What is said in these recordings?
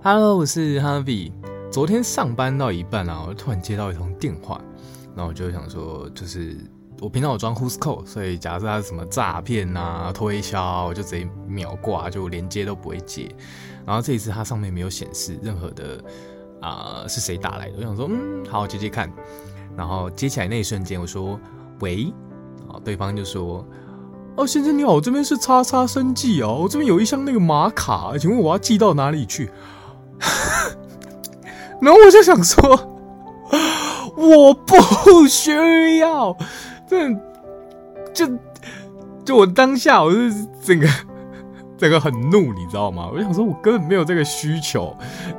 哈嘍，Hello, 我是 Harvie。昨天上班到一半啊，然後我突然接到一通電話，然後我就想說，就是我平常有裝 Who's Call，所以假設他是什麼詐騙啊、推銷，我就直接秒掛，就連接都不會接。然後這一次他上面沒有顯示任何的啊、呃、是誰打來的，我想說，嗯，好，我接接看。然後接起來那一瞬間，我說喂，啊，對方就說，哦，先生你好，我這邊是叉叉生技哦，我這邊有一箱那個瑪卡，請問我要寄到哪裡去？然後我就想說，我不需要，這，就就我當下我是整個整個很怒，你知道嗎？我就想說，我根本沒有這個需求。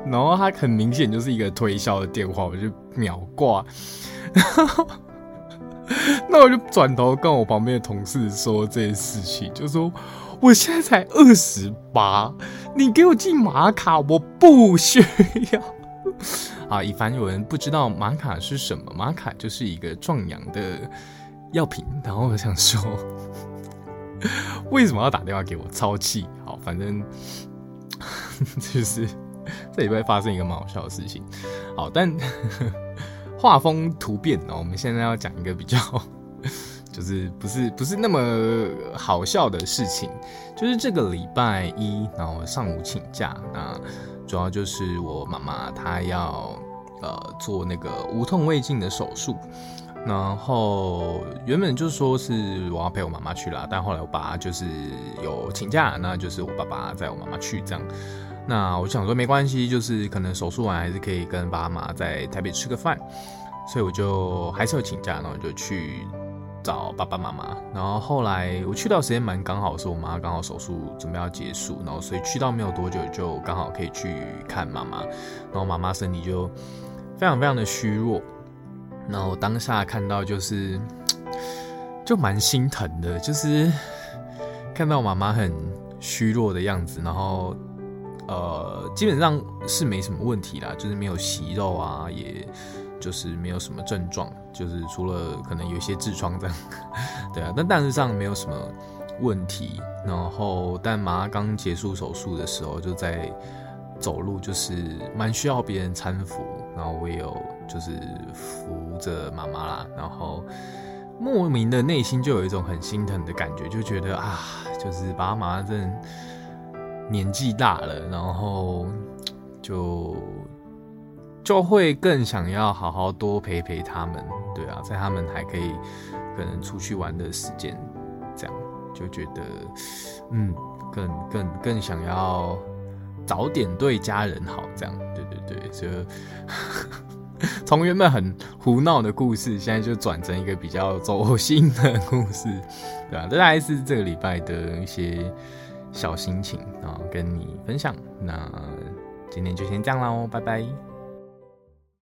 然後他很明顯就是一個推銷的電話，我就秒掛。然後，那我就轉頭跟我旁邊的同事說這件事情，就說我現在才二十八，你給我寄瑪卡，我不需要。啊，以凡有人不知道瑪卡是什麼，瑪卡就是一個壯陽的藥品。然後我想說，為什麼要打電話給我？超氣！好，反正就是這禮拜發生一個蠻好笑的事情。好，但畫風突變哦，我們現在要講一個比較。就是不是不是那麼好笑的事情，就是這個禮拜一，然後上午請假，那主要就是我媽媽她要呃做那個無痛胃鏡的手術，然後原本就是說是我要陪我媽媽去啦，但後來我爸就是有請假，那就是我爸爸載我媽媽去這樣，那我想說沒關係，就是可能手術完還是可以跟爸媽在台北吃個飯，所以我就還是有請假，然後就去。找爸爸媽媽，然後後來我去到時間蠻剛好，是我媽剛好手術準備要結束，然後所以去到沒有多久就剛好可以去看媽媽，然後媽媽身體就非常非常的虛弱，然後當下看到就是就蠻心疼的，就是看到媽媽很虛弱的樣子，然後呃基本上是沒什麼問題啦，就是沒有息肉啊也。就是沒有什麼症狀，就是除了可能有些痔瘡這樣， 對啊，但大致上沒有什麼問題。然後，但媽剛結束手術的時候，就在走路，就是蠻需要別人攙扶。然後我也有就是扶着媽媽啦。然後，莫名的內心就有一種很心疼的感覺，就覺得啊，就是爸爸媽媽真的年紀大了，然後就。就會更想要好好多陪陪他們，對啊，在他們還可以可能出去玩的時間，這樣就覺得，嗯，更更更想要早點對家人好，這樣，對對對，所以從原本很胡鬧的故事，現在就轉成一個比較走心的故事，對啊，這還是這個禮拜的一些小心情，然後跟你分享。那今天就先這樣嘍，拜拜。